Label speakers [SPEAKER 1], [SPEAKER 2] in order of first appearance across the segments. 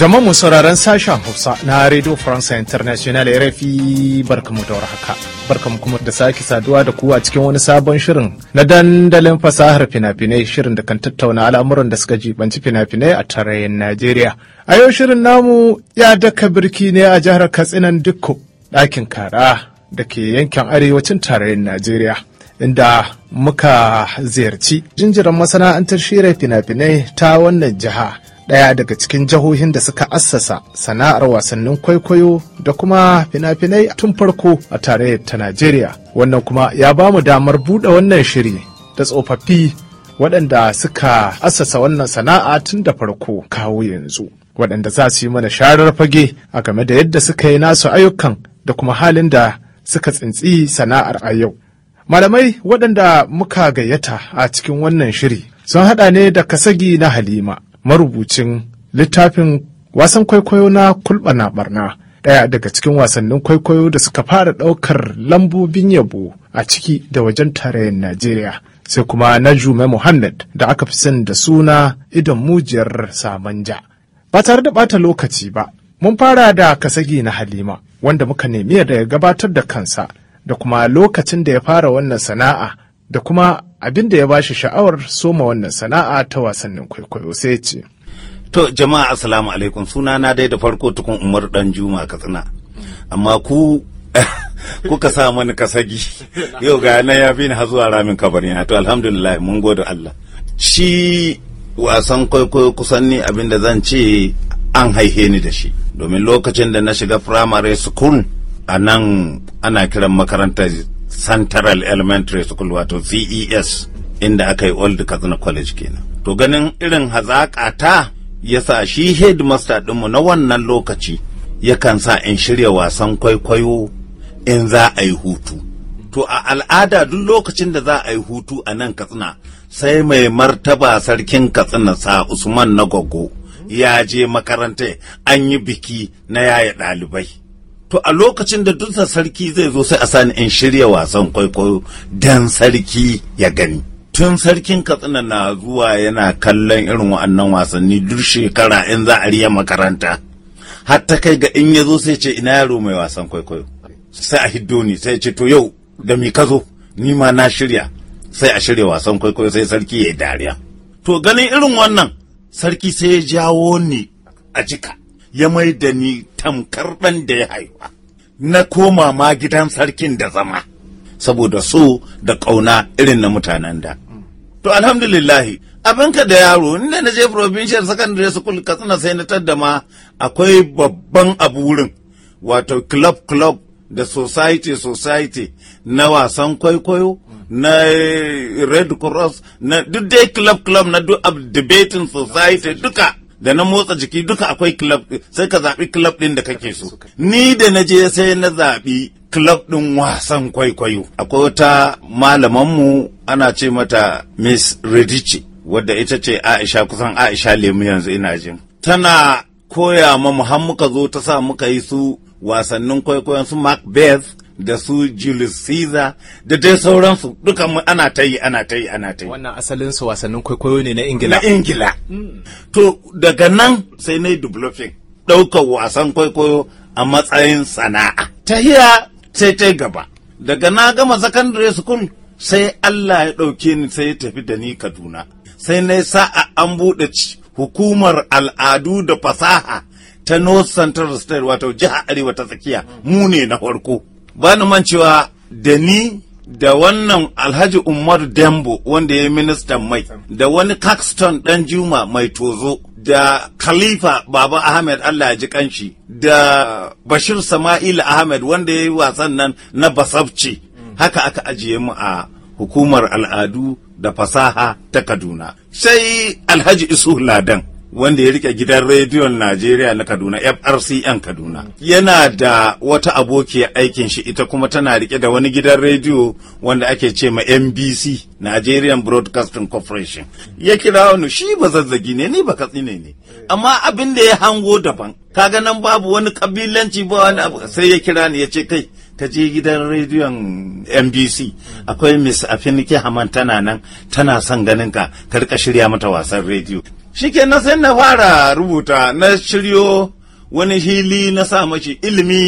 [SPEAKER 1] Jama'a sauraron sashen Hausa na Radio France International RFI barkamu da warhaka. Barkamu kuma da sake saduwa da ku a cikin wani sabon shirin na dandalin fasahar fina-finai shirin da kan tattauna al'amuran da suka jibanci fina-finai a tarayyar Najeriya. A yau shirin namu ya daka birki ne a jihar Katsinan Dikko ɗakin kara da ke yankin arewacin tarayyar Najeriya. Inda muka ziyarci jinjiran masana'antar shirin fina-finai ta wannan jiha ɗaya daga cikin jihohin da suka assasa sana'ar wasannin kwaikwayo da kuma fina-finai tun farko a tarayyar ta Najeriya. Wannan kuma ya ba mu damar buɗe wannan shiri da tsofaffi waɗanda suka assasa wannan sana'a tun da farko kawo yanzu. Waɗanda za su yi mana sharar fage a game da yadda suka yi nasu ayyukan da kuma halin da suka tsintsi sana'ar a yau. Malamai waɗanda muka gayyata a cikin wannan shiri sun haɗa ne da Kasagi na Halima. marubucin littafin wasan kwaikwayo na kulɓana barna ɗaya daga cikin wasannin kwaikwayo da suka fara ɗaukar lambobin yabo a ciki da wajen tarayyar najeriya sai kuma najume muhammad da aka fi sani da suna idan mujiyar samanja ba tare da ɓata lokaci ba mun fara da kasagi na halima wanda muka nemi da ya gabatar da kansa da kuma lokacin da ya fara wannan sana'a da kuma abin da ya ba shi sha'awar soma wannan sana'a ta wasannin kwaikwayo sai ya ce
[SPEAKER 2] to jama'a assalamu alaikum suna na dai da farko tukun umar dan juma katsina amma ku kuka sa mani kasagi yau ga na ya fi ni zuwa ramin kabari na to alhamdulillah mun gode Allah shi wasan kwaikwayo kusan ni abin da zan ce an haihe ni da shi domin lokacin da na shiga primary school a nan ana kiran makarantar central elementary school wato ces inda aka yi old katsina college kenan to ganin irin hazaƙa ta ya sa shi headmaster ɗinmu na wannan lokaci yakan sa in shirya wasan kwaikwayo in za a yi hutu to a al'ada duk lokacin da za a yi hutu a nan katsina sai mai martaba sarkin katsina sa usman na gogo ya je makarantar an yi biki na yaya ɗalibai to a lokacin da duk sarki zai zo sai a sani in shirya wasan kwaikwayo dan sarki ya gani tun sarkin katsina na zuwa yana kallon irin wa'annan wasanni duk shekara in za a riya makaranta Hatta kai ga in ya zo sai ce ina yaro mai wasan kwaikwayo sai a hiddo ni sai ce to yau da mi ka zo ni ma na shirya sai a shirya wasan kwaikwayo sai sarki ya dariya to ganin irin wannan sarki sai ya jawo ni a jika ya mai da ni tamkar ɗan da ya haifa na koma ma gidan sarkin da zama saboda so da ƙauna irin na mutanen da to alhamdulillahi abinka da yaro inda na je provincial secondary school katsina sai na tadda ma akwai babban abu wurin wato club club da society society na wasan kwaikwayo na red cross na duk dai club club na duk debating society duka da na motsa jiki duka akwai club sai ka zaɓi club ɗin da kake so ni da na je sai na zaɓi club ɗin wasan kwaikwayo akwai wata malamanmu ana ce mata miss redici wadda ita ce aisha kusan aisha lemu yanzu ina jin tana koya ma har muka zo ta sa muka yi su wasannin kwaikwayon su macbeth da su Julius Caesar da dai sauransu dukan mu ana ta yi ana ta yi ana ta yi wannan asalin su wasannin kwaikwayo ne na Ingila na Ingila to daga nan sai na yi developing ɗaukar wasan kwaikwayo a matsayin sana'a ta hiya sai ta gaba daga na gama secondary school sai Allah ya ɗauke ni sai ya tafi da ni Kaduna sai na sa'a an buɗe hukumar al'adu da fasaha ta North Central State wato jiha Arewa ta tsakiya mu ne na farko ba ni cewa da ni da wannan alhaji umar dembo wanda ya yi ministan mai da wani caxton dan juma mai tozo da khalifa baba ahmed allah ya ji kanshi da bashir sama'il ahmed wanda ya yi wasan nan na basabci haka aka ajiye mu a hukumar al'adu da fasaha ta kaduna sai alhaji isu ladan wanda ya rike gidan rediyon Najeriya na Kaduna FRCN Kaduna yana da wata abokiyar aikin shi ita kuma tana rike da wani gidan rediyo wanda ake ce ma NBC Nigerian Broadcasting Corporation ya kira wani shi ba zazzagi ne ni ba katsine ne amma abin da ya hango daban kaga nan babu wani kabilanci ba wani abu sai ya kira ni ya ce kai ta je gidan rediyon mbc akwai miss afinike haman tana nan tana son ganin ka karka shirya mata wasan rediyo na sai na fara rubuta na shiryo wani hili na sa mashi ilimi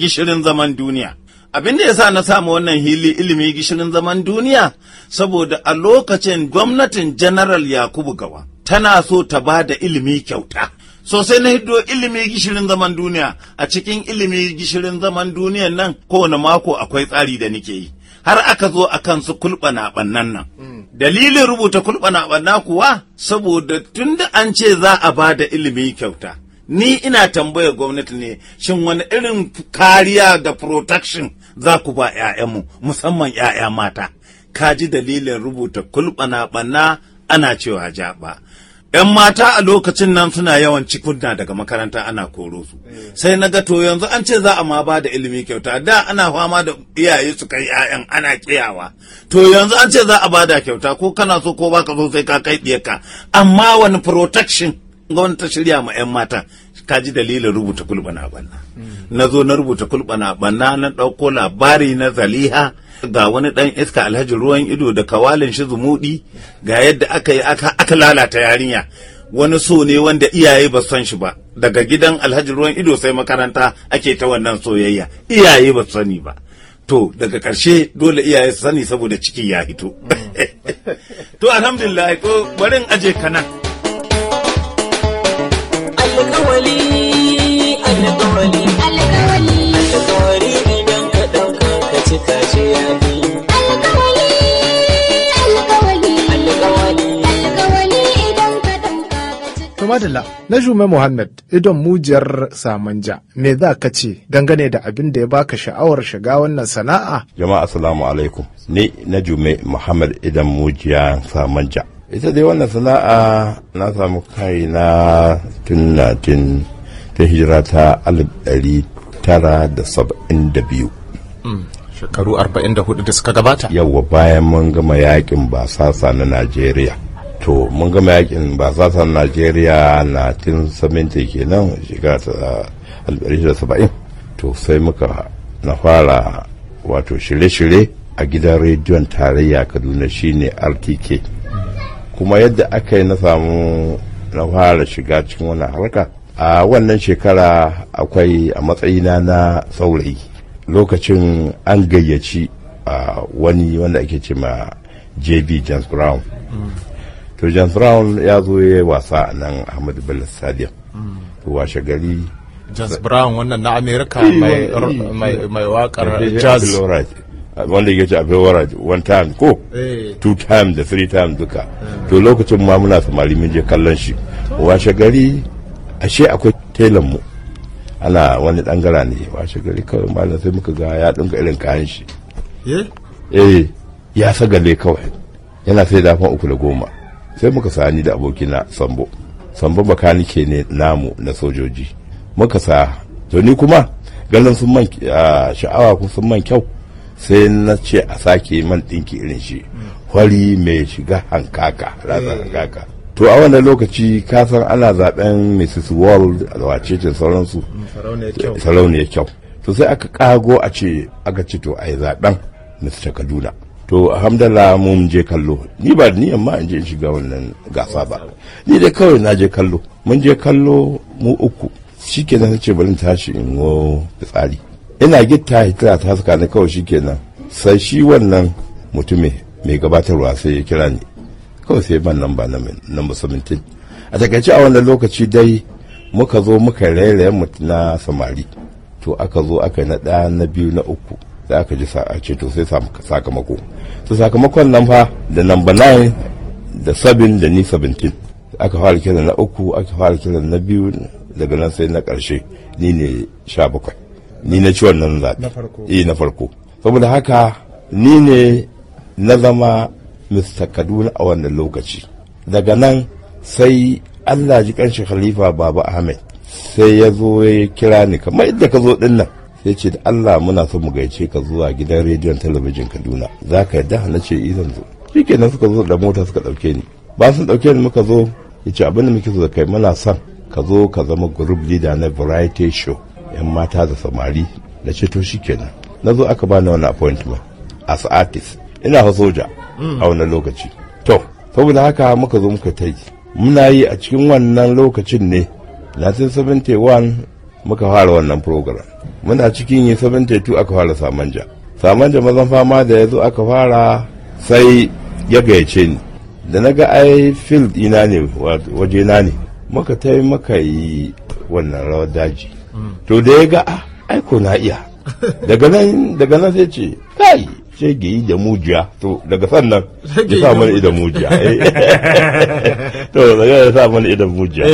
[SPEAKER 2] gishirin zaman duniya abin da ya sa na samu wannan hili ilimi gishirin zaman duniya saboda a lokacin gwamnatin general yakubu gawa tana so ta ba da ilimi kyauta so sai na hiddo ilimi gishirin zaman duniya a cikin ilimi gishirin zaman duniyan nan kowane mako akwai tsari da nike yi har aka zo a kan su kulɓana ɓannan nan hmm. dalilin rubuta kulɓana ɓanna kuwa saboda tunda an ce za a ba da ilimi kyauta ni ina tambayar gwamnati ne shin wani irin kariya da protection za ku ba 'ya'yanmu musamman 'ya'ya mata ka ji dalilin rubuta kulɓana ɓanna ana cewa jaɓa 'yan mata a lokacin nan suna yawan cikunna daga makaranta ana koro su eh. sai na ga to yanzu an ce za a ma ba da ilimi kyauta da ana fama da iyaye su kai 'ya'yan ana kiyawa to yanzu an ce za a ba da kyauta ko kana so ko baka so sai ka kai ɗiyarka amma wani protection gwamnati ta shirya ma 'yan mata ka ji dalilin rubuta na banna hmm. na zo na rubuta na banna na ɗauko labari na zaliha ga wani dan iska alhaji ruwan ido da kawalin shi zumudi ga yadda aka yi aka lalata yarinya wani so ne wanda iyaye ba san shi ba daga gidan alhaji ruwan ido sai makaranta ake ta wannan soyayya iyaye ba sani ba to daga karshe dole iyaye su sani saboda ciki ya hito to alhamdulillah to barin aje kana
[SPEAKER 1] alƙawali alƙawali Madalla na Jume Muhammad idon mujiyar Samanja me za ka ce dangane da abin da ya baka sha'awar shiga wannan sana'a?
[SPEAKER 3] Jama'a assalamu alaikum ni na Jume Muhammad idon mujiya Samanja. Ita dai wannan sana'a na samu kai na tunatin ta hijira ta alif da saba'in da biyu.
[SPEAKER 1] Mm. shekaru 44 da suka gabata yawwa
[SPEAKER 3] bayan mun gama yakin basasa na najeriya to mun gama yakin basasa na najeriya na tin saminti kenan shiga ta saba'in. to sai muka na fara wato shirye-shirye a gidan rediyon tarayya kaduna shine rtk kuma yadda aka yi na samu na fara shiga cikin wani harka a wannan shekara akwai a matsayina na saurayi lokacin an gayyaci wani wanda ake ce ma jb james brown to james brown ya zo ya wasa a nan ahmadu bello stadium to washe gari
[SPEAKER 1] james brown wannan na america mai wakar jazz
[SPEAKER 3] wanda ya ce abewara one time ko two time da three time duka to lokacin ma muna samari mun je kallon shi washe gari ashe akwai telan mu ana wani dangara ne shi gari kawai malam sai muka ga ya dinka irin kayan shi eh? eh ya sagale kawai yana sai dafan uku da goma sai muka sani da abokina sambo sambo makanike ne namu na sojoji muka sa to ni kuma ganin sun man sha'awa kun sun man kyau sai na ce a sake man dinki irin shi hmm. wari mai shiga hankaka ratsa eh. hankaka to a wannan lokaci ka san ana zaben mrs world wace ce sauransu sarauniya kyau to sai aka kago a ce aka ce to a yi zaben mr kaduna to alhamdulillah mun je kallo ni ba ni amma in je in shiga wannan gasa ba ni dai kawai na je kallo mun je kallo mu uku shikenan ce bari tashi in wo fitsari ina gitta hitila ta saka kawai shikenan sai shi wannan mutumin mai gabatarwa sai ya kira ni kawai sai ban namba na musulunci a takaice a wannan lokaci dai muka zo muka rairaye mutu na samari to aka zo aka na ɗaya na biyu na uku da aka ji a ce to sai sakamako to sakamakon nan fa da namba 9 da 7 da ni 17 aka fara kiran na uku aka fara kiran na biyu daga nan sai na ƙarshe ni ne bakwai ni na ci wannan zaɓe na farko eh, saboda haka ni ne na zama mr kaduna a wannan lokaci daga nan sai allah ji kanshi khalifa baba ahmed sai ya zo ya kira ni kamar yadda ka zo din nan sai ce da allah muna so mu gaice ka zuwa gidan rediyon talabijin kaduna za ka yadda na ce izan eh, zo nan suka zo da mota suka ɗauke ni ba sun ɗauke ni muka zo ya ce abin da muke so da kai muna son ka zo ka zama group leader na variety show yan mata da samari da ceto to nan na zo aka bani wani appointment as artist ina soja Mm. a wani lokaci to saboda haka muka zo muka ta yi muna yi a cikin wannan lokacin ne 1971 muka fara wannan program muna cikin yi 72 aka fara samanja samanja mazan fama da ya zo aka fara sai ya gayyace ni da na ga ai field ina ne waje na ne muka ta yi muka yi wannan rawar daji mm. to da ya ga ah, ai ko na iya daga nan sai ce kai shege yi da mujiya to daga sannan ya sa mana idan mujiya to daga ya sa mana idan mujiya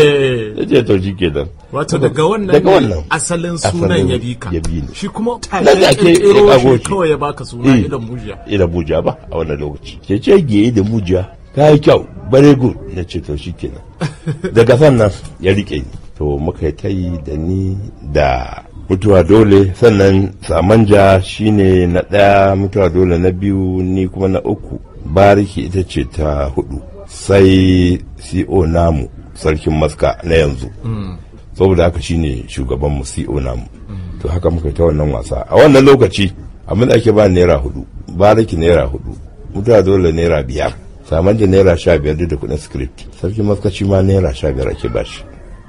[SPEAKER 3] ya ce to jike kenan wato daga wannan asalin sunan ya bi ka shi
[SPEAKER 1] kuma tashi ya kero shi kawai ya baka suna eh. idan mujiya
[SPEAKER 3] idan mujiya ba a wannan lokaci ke shege yi da mujiya ta yi kyau bare good na ce to shike kenan daga sannan ya rike ni to muka yi ta yi da ni da mutuwa dole sannan samanja shine na ɗaya mutuwa dole na biyu ni kuma na uku bariki ita ce ta hudu sai co namu sarkin maska na yanzu mm. saboda haka shine shugaban mu co namu mm. to haka muka ta wannan wasa a wannan lokaci abin da ake ba naira hudu bariki naira hudu mutuwa dole naira biyar samanja naira sha biyar duk da kudin script sarkin maska shi ma naira sha biyar ake bashi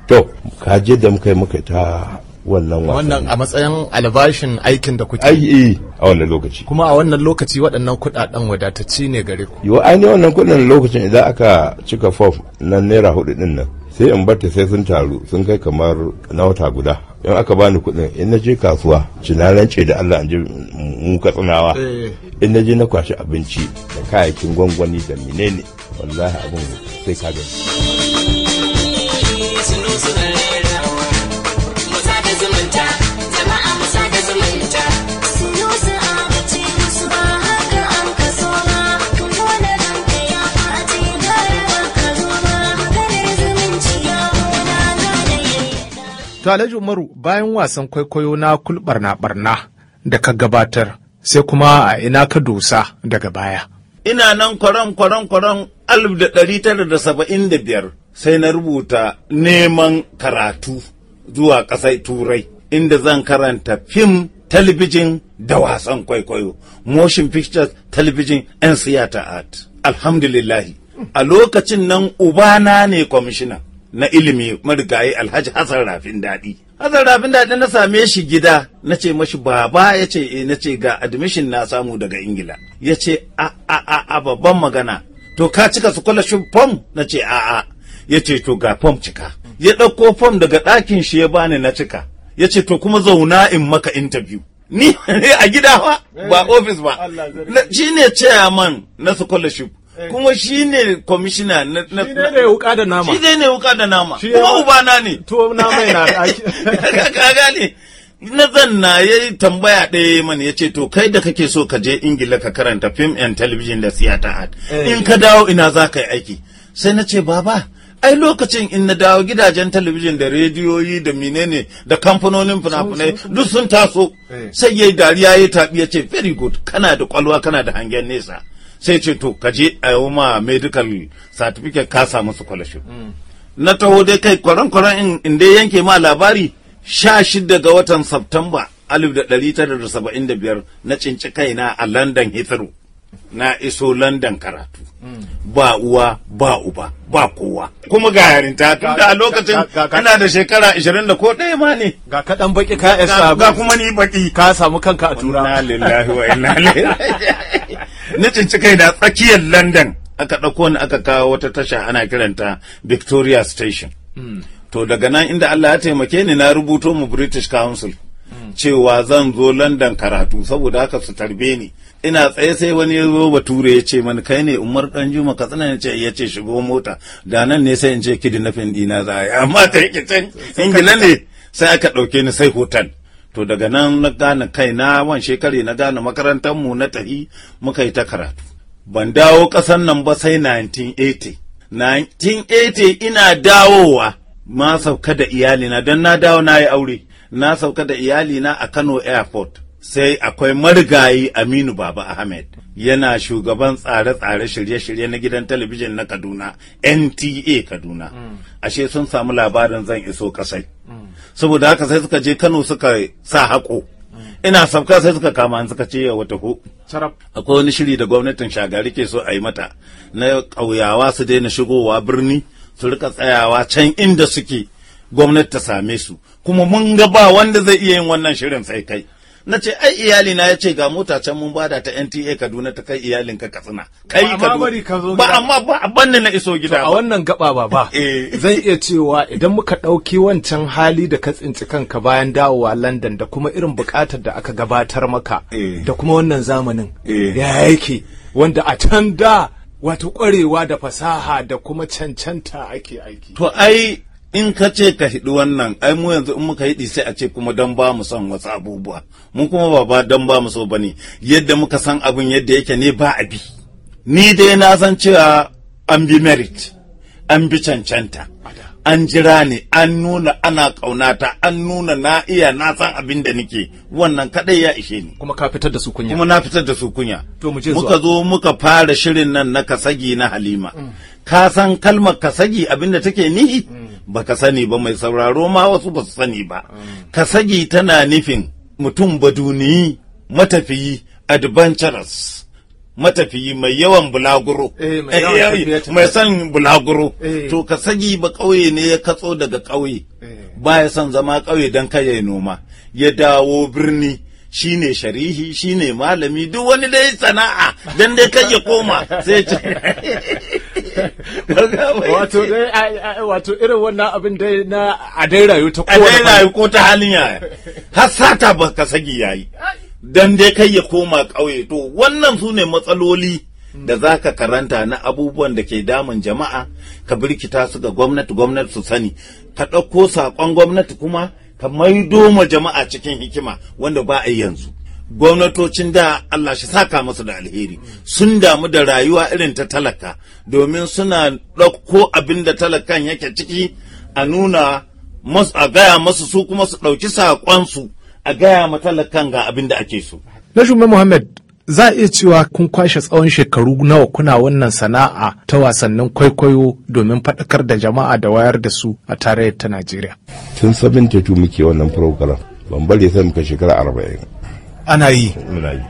[SPEAKER 3] to kaje da muka yi muka ta wannan wannan
[SPEAKER 1] a matsayin albashin aikin da kuke ai
[SPEAKER 3] eh, a wannan lokaci
[SPEAKER 1] kuma a wannan lokaci waɗannan kuɗaɗen wadatacci ne gare ku
[SPEAKER 3] yo ai ne wannan kuɗin lokacin idan aka cika fof na naira hudu din nan sai in ta sai sun taru sun kai kamar na wata guda in aka bani kuɗin in na je kasuwa cinanan ce da Allah in ji mu katsinawa eh. in na je na kwashi abinci da kayayyakin gwangwani da menene wallahi abin sai ka
[SPEAKER 1] gani To Alhaji Umaru bayan wasan kwaikwayo na kulɓarna barna da ka gabatar sai kuma a ina ka dosa daga baya.
[SPEAKER 2] Ina nan kwaron kwaron kwaron alif da ɗari tara da saba'in da biyar sai na rubuta neman karatu zuwa ƙasar turai inda zan karanta fim talabijin da wasan kwaikwayo motion pictures talabijin and theater art alhamdulillahi a lokacin nan ubana ne kwamishina na ilimi marigayi alhaji hassan rafin daɗi hassan rafin daɗi na same shi gida na ce mashi baba ya ce eh, na ce ga admission na samu daga ingila ya ce a a a a babban magana to ka cika scholarship form na ce a a ya ce to ga fom cika ya ɗauko fom daga ɗakin shi ya bani na cika ya ce to kuma zauna in maka interview ni a gida ba eh, ba office ba shi ne man na scholarship Eh. kuma shi ne kwamishina na shi ne ne wuka da nama shi ne ne wuka da nama kuma ubana ne tuwo nama mai na ka gane na zanna ya yi tambaya ɗaya mana ya ce to kai da kake so ka je ingila ka karanta film and television da theater art eh. in ka dawo ina za ka yi aiki sai na ce baba ai lokacin in na dawo gidajen talabijin da rediyoyi da menene da kamfanonin fina-finai duk sun taso eh. sai yi dariya ya tabi ya ce very good kana da kwalwa kana da hangen nesa sai ce to ka je a yi ma medical certificate ka samu scholarship na taho dai kai kwaron-kwaron in dai yanke ma labari sha shida ga watan Septemba 1975 na cinci kaina a London Heathrow na iso London karatu. Ba uwa, ba uba, ba kowa. Kuma ga yarinta tun da a lokacin ina da shekara 20 da ko ɗaya ma ne. Ga kaɗan baki ka Ga kuma ni baki. Ka samu kanka a tura. na lillahi wa inna ilaihi. na cinci kai da tsakiyar london aka ɗauko ni aka kawo wata tasha ana kiranta victoria station hmm. to daga nan inda allah ya taimake ni na rubuto mu british council hmm. cewa zan zo london karatu saboda haka su tarbe ni ina tsaye sai wani ya zo bature ya ce mani kai ne umar dan juma ka tsana ce ya ce shigo mota da nan ne sai in ce kidnapping dina za a yi amma ta yake can ingila ne sai aka ɗauke ni sai hotel to daga nan na gane kai na wan shekari na gane makarantar mu na tahi muka yi ta karatu ban dawo ƙasan nan ba sai 1980 1980 ina dawowa ma sauka da iyalina don na dawo na yi aure na sauka da iyalina a Kano airport sai akwai marigayi Aminu Baba Ahmed yana shugaban tsare-tsare shirye-shirye na gidan talabijin na Kaduna NTA Kaduna mm. ashe sun samu labarin zan iso kasai saboda haka sai suka je Kano suka sa haƙo ina sabka sai suka kama an suka ce ya wata ko akwai wani shiri da gwamnatin shagari ke so a yi mata na ƙauyawa su daina shigowa birni su rika tsayawa can inda suke gwamnati ta same su kuma mun ga ba wanda zai iya yin wannan shirin sai kai na ce ai iyali na ya ce ga mota can mun bada ta NTA Kaduna ta kai iyalin ka Katsina kai ka ba amma ba banne na iso
[SPEAKER 1] gida a wannan gaba ba ba eh. zan iya cewa idan muka dauki wancan hali da ka tsinci kanka bayan dawowa London da kuma irin bukatar da aka gabatar maka eh. da kuma wannan zamanin eh. ya yake wanda a can da wato kwarewa da fasaha da kuma cancanta ake aiki to ai in ka ce
[SPEAKER 2] ka hidu wannan ai mu yanzu in muka hidi sai a ce kuma dan ba mu son wasu abubuwa mu kuma ba ba dan ba mu so bane yadda muka san abin yadda yake ne ba bi. ni dai na san cewa an bi merit an bi cancanta an jira ne an nuna ana kaunata an nuna na iya na san abin da nake wannan kadai ya ishe ni kuma ka fitar da su kunya kuma na fitar da su kunya to mu je muka zo muka fara shirin nan na kasagi na Halima mm. ka san kalmar kasagi abin da take nihi mm. baka sani ba mai sauraro ma wasu ba su sani ba ka kasagi tana nufin mutum baduniyi matafiyi adventurous matafiyi mai yawan bulaguro eh, eh, eh, mai son bulaguro to ka kasagi ba kauye ne ya katso daga kauye ba ya son zama kauye don kai noma ya dawo birni shi ne sharihi shi ne malami duk wani dai sana'a dan dai kai ya koma sai ce wato dai wato irin wannan abin dai na a dai rayu ta kowa a dai rayu ko ta halin yaya har sata ba ka sagi yayi dan dai kai ya koma ƙauye to wannan sune matsaloli da za ka karanta na abubuwan da ke damun jama'a ka birkita su ga gwamnati gwamnati su sani ka ɗauko saƙon gwamnati kuma ka maido ma jama'a cikin hikima wanda ba a yanzu gwamnatocin da Allah shi saka masu da alheri sun damu da rayuwa irin ta talaka domin suna ɗauko abin da talakan yake ciki a nuna a gaya masu su kuma su ɗauki saƙonsu a gaya ma talakan ga abin da ake
[SPEAKER 1] so. Na shugaban Muhammad za a iya cewa kun kwashe tsawon shekaru nawa kuna wannan sana'a ta wasannin kwaikwayo domin faɗakar da jama'a da wayar da su a tarayyar ta Najeriya.
[SPEAKER 3] Tun 72 muke wannan program, ban bari sai muka shekara arba'in. ana yi muna yi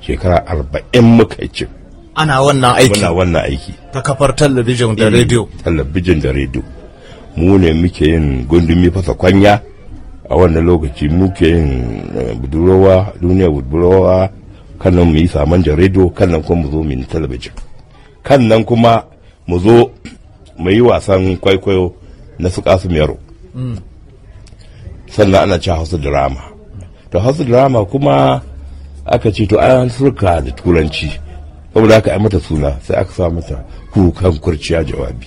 [SPEAKER 3] shekara arba'in muka ce
[SPEAKER 1] ana wannan aiki muna wannan aiki ta kafar talabijin da eh, rediyo
[SPEAKER 3] talabijin da rediyo mu ne muke yin gundumi fasa kwanya a wannan lokaci muke yin eh, budurowa duniya budurowa. kan nan mu yi saman da rediyo kan nan kuma mu zo mu yi talabijin kan nan kuma mu zo mu yi wasan kwaikwayo na su kasu mero mm. sannan ana ci hausa drama to hausa drama kuma aka ce to an surka da turanci saboda aka yi mata suna sai aka sa mata kukan kurciya jawabi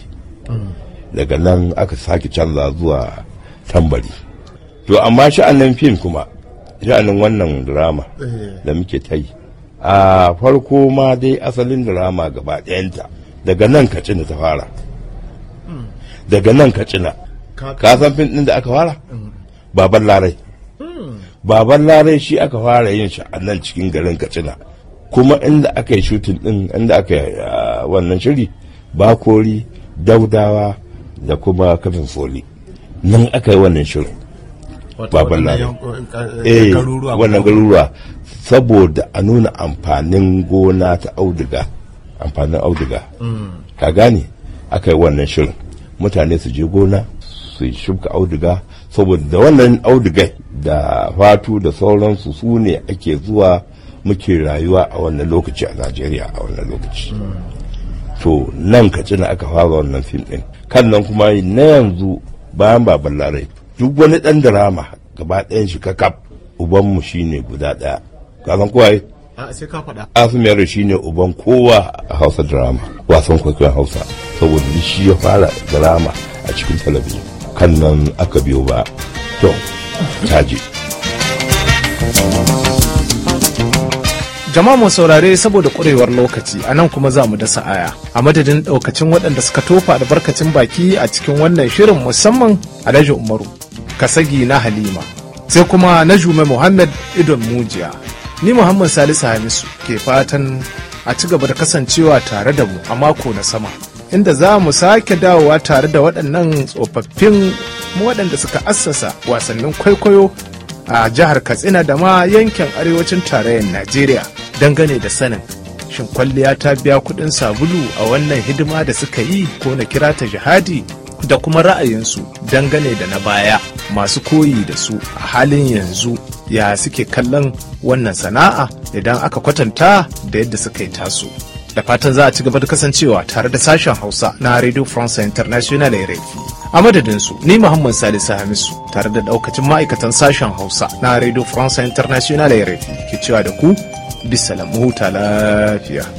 [SPEAKER 3] daga nan aka sake canza zuwa tambari to amma sha'anin fim kuma sha'anin wannan drama eh. da muke ta yi a farko ma dai asalin drama gaba ɗayanta daga nan ka cina ta fara hmm. daga nan kacina ka san fim ɗin da aka fara hmm. baban larai hmm. baban larai shi aka fara yin shi a nan cikin garin katsina kuma inda aka yi shutin din inda aka yi wannan shiri bakori daudawa da kuma kafin foli nan aka yi wannan shirin baban larai eh, eh, eh, wannan garuruwa saboda a nuna amfanin gona ta auduga amfanin auduga mm. ka gane aka yi wannan shirin mutane su je gona su shubka auduga saboda wannan audigai da fatu da sauransu su ne ake zuwa muke rayuwa a wannan lokaci a najeriya a wannan lokaci to nan katsina aka fara wannan fim din kan nan kuma na yanzu bayan baban larai duk wani dan drama gaba ɗayan shi ka kakaf ubanmu shine guda ɗaya kasan
[SPEAKER 1] a sai ka faɗa.
[SPEAKER 3] Asumiyar shi ne uban kowa a Hausa drama, wasan kwaikwayon Hausa, saboda shi ya fara drama a cikin talabijin. kan nan aka
[SPEAKER 1] biyo ba to taji. jama'a mu saurare saboda kurewar lokaci a nan kuma za mu dasa aya a madadin daukacin waɗanda suka tofa albarkacin baki a cikin wannan shirin musamman alhaji umaru kasagi na halima sai kuma na jume muhammad idon mujiya ni muhammad salisu hamisu ke fatan a ci gaba da kasancewa tare da mu a mako na sama inda za mu sake dawowa tare da waɗannan tsofaffin waɗanda suka assasa wasannin kwaikwayo a jihar katsina da ma yankin arewacin tarayyar najeriya dangane da sanin shin kwalliya ta biya kuɗin sabulu a wannan hidima da suka yi ko na kira ta jihadi da kuma ra'ayinsu dangane da na baya masu koyi da su a halin yanzu ya suke kallon wannan sana'a idan aka kwatanta da yadda suka yi taso. da fatan za a ci gaba da kasancewa tare da sashen hausa na radio france international rfi a madadinsu ni muhammad salisu hamisu tare da daukacin ma'aikatan sashen hausa na radio france international rfi ke cewa da ku bisa lamu huta lafiya